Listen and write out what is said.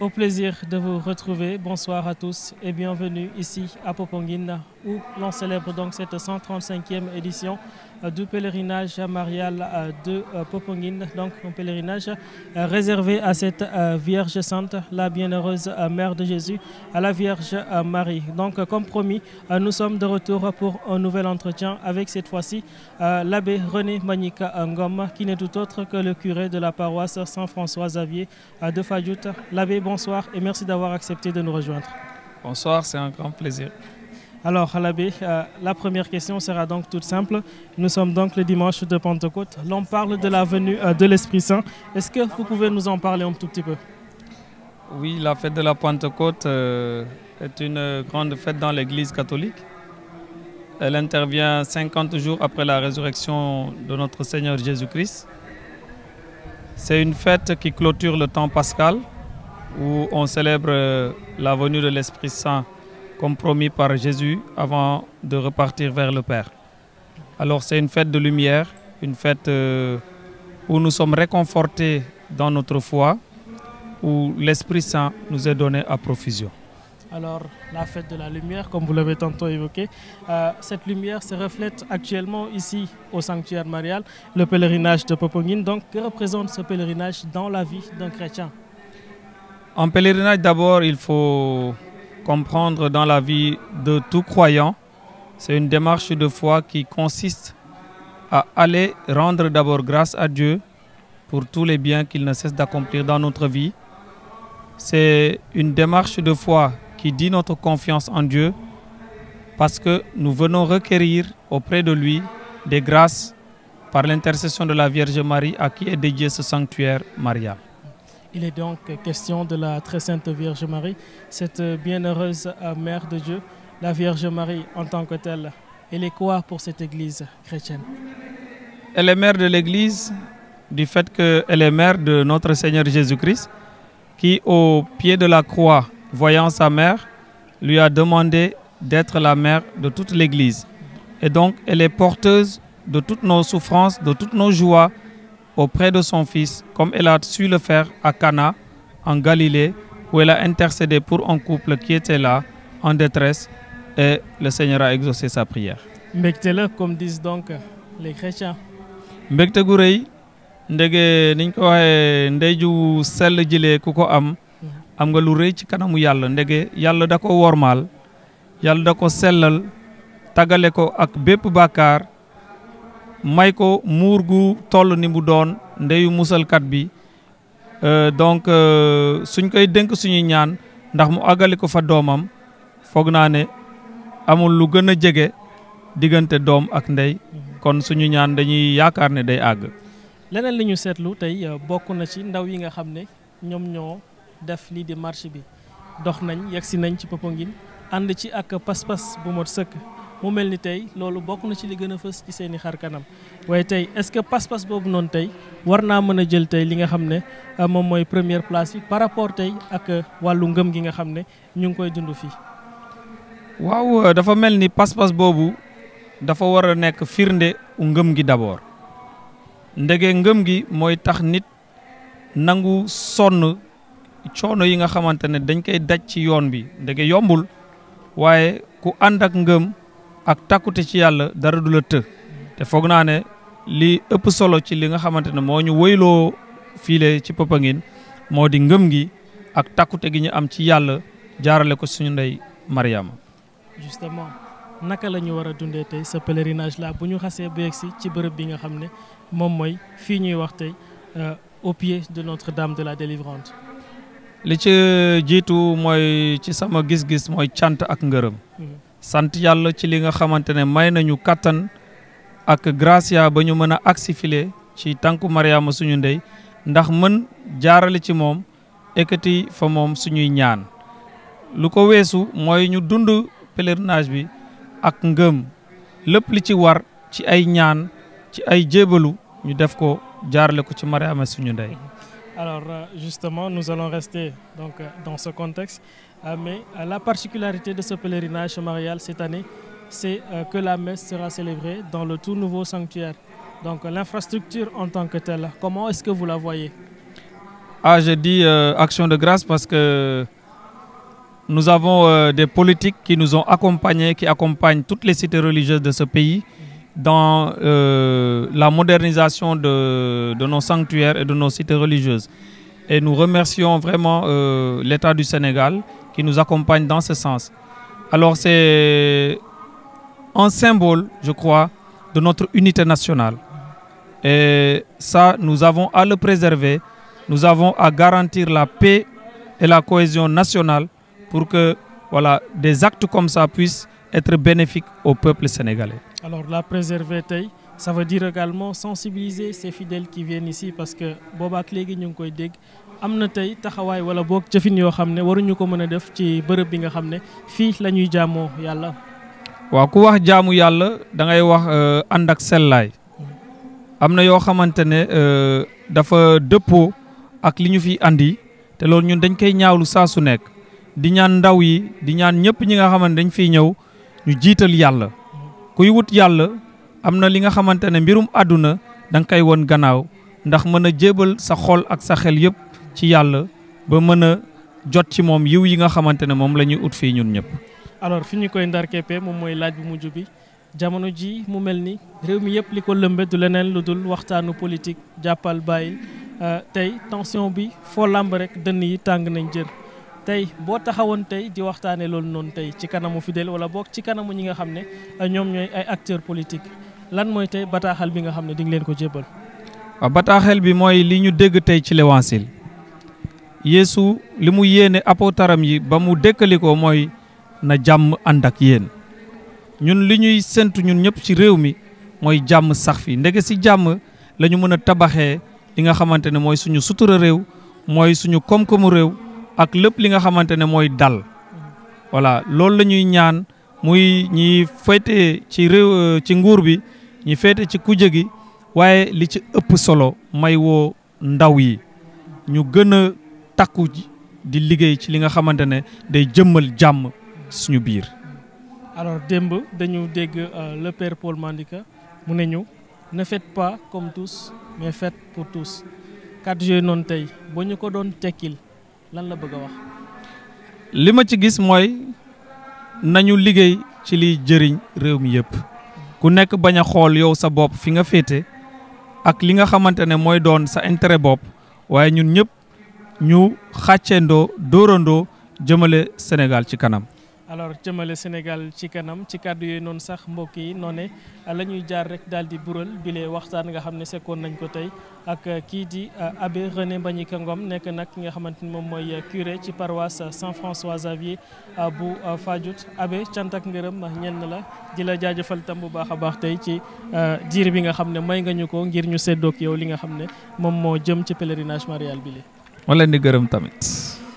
Au plaisir de vous retrouver. Bonsoir à tous et bienvenue ici à Popenguine où l'on célèbre donc cette 135e édition Euh, du pèlerinage marial euh, de euh, Popenguine, donc un pèlerinage réservé à cette Vierge Sainte, la bienheureuse Mère de Jésus, à la Vierge Marie. Donc, comme promis, nous sommes de retour pour un nouvel entretien avec cette fois-ci l'abbé René Manika Ngom, qui n'est tout autre que le curé de la paroisse Saint-François-Xavier de Fayout. L'abbé, bonsoir et merci d'avoir accepté de nous rejoindre. Bonsoir, c'est un grand plaisir. Alors, Halabé, euh, la première question sera donc toute simple. Nous sommes donc le dimanche de Pentecôte. L'on parle de la venue euh, de l'Esprit Saint. Est-ce que vous pouvez nous en parler un tout petit peu Oui, la fête de la Pentecôte euh, est une euh, grande fête dans l'Église catholique. Elle intervient jours après la résurrection de notre Seigneur Jésus-Christ. C'est une fête qui clôture le temps pascal où on célèbre euh, la venue de l'Esprit Saint comme promis par Jésus avant de repartir vers le Père. Alors c'est une fête de lumière, une fête euh, où nous sommes réconfortés dans notre foi, où l'Esprit Saint nous est donné à profusion. Alors, la fête de la lumière, comme vous l'avez tantôt évoqué, euh, cette lumière se reflète actuellement ici au sanctuaire marial, le pèlerinage de Popongine. Donc, que représente ce pèlerinage dans la vie d'un chrétien En pèlerinage, d'abord, il faut comprendre dans la vie de tout croyant, c'est une démarche de foi qui consiste à aller rendre d'abord grâce à Dieu pour tous les biens qu'il ne cesse d'accomplir dans notre vie. C'est une démarche de foi qui dit notre confiance en Dieu parce que nous venons requérir auprès de lui des grâces par l'intercession de la Vierge Marie à qui est dédié ce sanctuaire marial. Il est donc question de la très sainte Vierge Marie, cette bienheureuse euh, Mère de Dieu, la Vierge Marie en tant que telle. Elle est quoi pour cette Église chrétienne Elle est mère de l'Église du fait qu'elle est mère de notre Seigneur Jésus-Christ, qui au pied de la croix, voyant sa mère, lui a demandé d'être la mère de toute l'Église. Et donc, elle est porteuse de toutes nos souffrances, de toutes nos joies, auprès de son fils, comme elle a su le faire à Cana, en Galilée, où elle a intercédé pour un couple qui était là, en détresse, et le Seigneur a exaucé sa prière. mbégte la comme disent donc les chrétiens. mbégte gu rëy ndege niñ ko waxee ndey ju sell jilee ku ko am am nga lu rëy ci kanamu yàlla ndege yàlla da ko wormaal yàlla da ko sellal tagale ko ak bépp bàkkaar may ko muur gu toll ni mu doon ndeyu musalkat bi euh, donc euh, suñ koy dénk suñuy ñaan ndax mu àggale ko fa doomam foog naa ne amul lu gën a jege diggante doom ak ndey kon suñu ñaan dañuy yaakaar ne day àgg. leneen li ñu seetlu tey euh, bokk na ci ndaw yi nga xam ne ñoom ñoo def lii di marche bi dox nañ yegsi nañ ci Popenguine ànd ci ak pas-pas bu mot sëkk. mu mel ni tey loolu bokk na ci li gën a fës ci seeni xar kanam waaye tey est-ce que pas-pas boobu noonu tey war naa mën a jël tey li nga xam ne euh, moom mooy première place bi par rapport tey ak euh, wàllu ngëm gi nga xam ne ñu ngi koy dund fii. waaw euh, dafa mel ni pas-pas boobu dafa war a nekk firnde ngëm gi d'abord ndege ngëm gi mooy tax nit nangu sonn coono yi nga xamante ne dañ koy daj ci yoon bi ndege yombul waaye ku ànd ak ngëm. ak takkute ci yàlla dara du la të te foog naa ne li ëpp solo ci li nga xamante ne moo ñu woyloo fiile ci Popenguine moo di ngëm gi ak takkute gi ñu am ci yàlla jaarale ko suñu ndey Mariama justement naka la ñu war a dundee tey sa pèlerinage la bu ñu xasee bu yegsi ci bërëb bi nga xam ne moom mooy fii ñuy wax tey euh, au pied de Notre-Dame de la Délivrance li ci jiitu mooy ci sama gis-gis mooy cant ak ngërëm mhm. sant yàlla ci li nga xamante ne may nañu kàttan ak gracia ba ñu mën a agsi file ci tànku Mariama suñu ndey ndax mën jaarale ci moom ekkati fa moom suñuy ñaan lu ko weesu mooy ñu dund pèlerinage bi ak ngëm lépp li ci war ci ay ñaan ci ay jébalu ñu def ko jaarale ko ci Mariama suñu ndey. Euh, Ah, mais ah, la particularité de ce pèlerinage marial cette année, c'est euh, que la messe sera célébrée dans le tout nouveau sanctuaire. Donc euh, l'infrastructure en tant que telle, comment est-ce que vous la voyez Ah, je dis euh, action de grâce parce que nous avons euh, des politiques qui nous ont accompagnés, qui accompagnent toutes les cités religieuses de ce pays dans euh, la modernisation de, de, nos sanctuaires et de nos cités religieuses. Et nous remercions vraiment euh, l'État du Sénégal qui nous accompagne dans ce sens. Alors c'est un symbole, je crois, de notre unité nationale. Et ça, nous avons à le préserver, nous avons à garantir la paix et la cohésion nationale pour que voilà, des actes comme ça puissent être bénéfiques au peuple sénégalais. Alors la préserver tey ça veut dire également sensibiliser ces fidèles qui viennent ici parce que boobaak léegi ñu ngi koy dégg am na tey taxawaay wala boog jëfin yoo xam ne waruñu ko mën a def ci bërëb bi nga xam ne fii la ñuy jaamoo yàlla. waaw ku wax jaamu yàlla dangay ngay wax euh, ànd ak sellaay am na yoo xamante ne euh, dafa dëppoo ak li ñu fi andi te loolu ñun dañ koy ñaawlu saa su nekk di ñaan ndaw yi di ñaan ñëpp ñi nga xamante dañ fiy ñëw ñu jiital yàlla kuy wut yàlla am na li nga xamante ne mbirum àdduna da nga koy won gannaaw ndax mën a jébal sa xol ak sa xel yëpp. ci yàlla ba mën a jot ci moom yiw yi nga xamante ne moom la ñuy ut fii ñun ñëpp. alors fi ñu koy ndarkeppe moom mooy laaj bu mujj bi jamono ji mu mel ni réew mi yëpp li ko lëmbe du leneen lu dul waxtaanu politique jàppal bàyyil euh, tey tension bi foo làmb rek dënn yi tàng nañ jër tey boo taxawoon tey di waxtaanee loolu noonu tey ci kanamu fidèle wala boog ci kanamu ñi nga xam ne euh, ñoom ñooy ay acteurs politiques lan mooy tey bataaxal bi nga xam ne di leen ko jébbal. yéesu li mu yéene apootaram yi ba mu dëkkali mooy na jàmm ànd ak yéen ñun li ñuy séntu ñun ñëpp ci réew mi mooy jàmm sax fi ndege si jàmm lañu mën a tabaxee li nga xamante ne mooy suñu sutura réew mooy suñu koom réew ak lépp li nga xamante ne mooy dal voilà loolu lañuy ñaan muy ñi féete ci réew ci nguur bi ñi féete ci kujje gi waaye li ci ëpp solo may woo ndaw yi ñu gën takku di liggéey ci li nga xamante ne day jëmmal jàmm suñu biir. alors démb dañu dégg euh, le père Paul Mandika mu ne ñu ne faites pas comme tous mais faites pour tous kàddu yooyu noonu tey boo ñu ko doon tekkil lan la bëgg wax. li ma ci gis mooy nañu liggéey ci liy jëriñ réew mi yëpp ku nekk bañ a xool yow sa bopp fi nga féete ak li nga xamante ne mooy doon sa intérêt bopp waaye ñun ñëpp ñu xàccendoo dóorandoo jëmale Sénégal ci kanam. alors jëmale Sénégal ci kanam ci kàddu yooyu noonu sax mbokk yi noo la ñuy jaar rek daal di bural bile waxtaan nga xam ne sekoon nañ ko tey ak kii di euh, abbé René Mbagnick Ngom nekk nag ki nga xamante ni moom mooy curé ci paroisse Saint-François Xavier euh, bu euh, Fadiouth abbé cant ngërëm ñenn la di la jaajëfal tam bu baax a baax tey ci diir bi nga xam ne may nga ñu ko ngir ñu séddoog yow li nga xam ne moom moo jëm ci pèlerinage marial bile. ma leen di gërëm tamit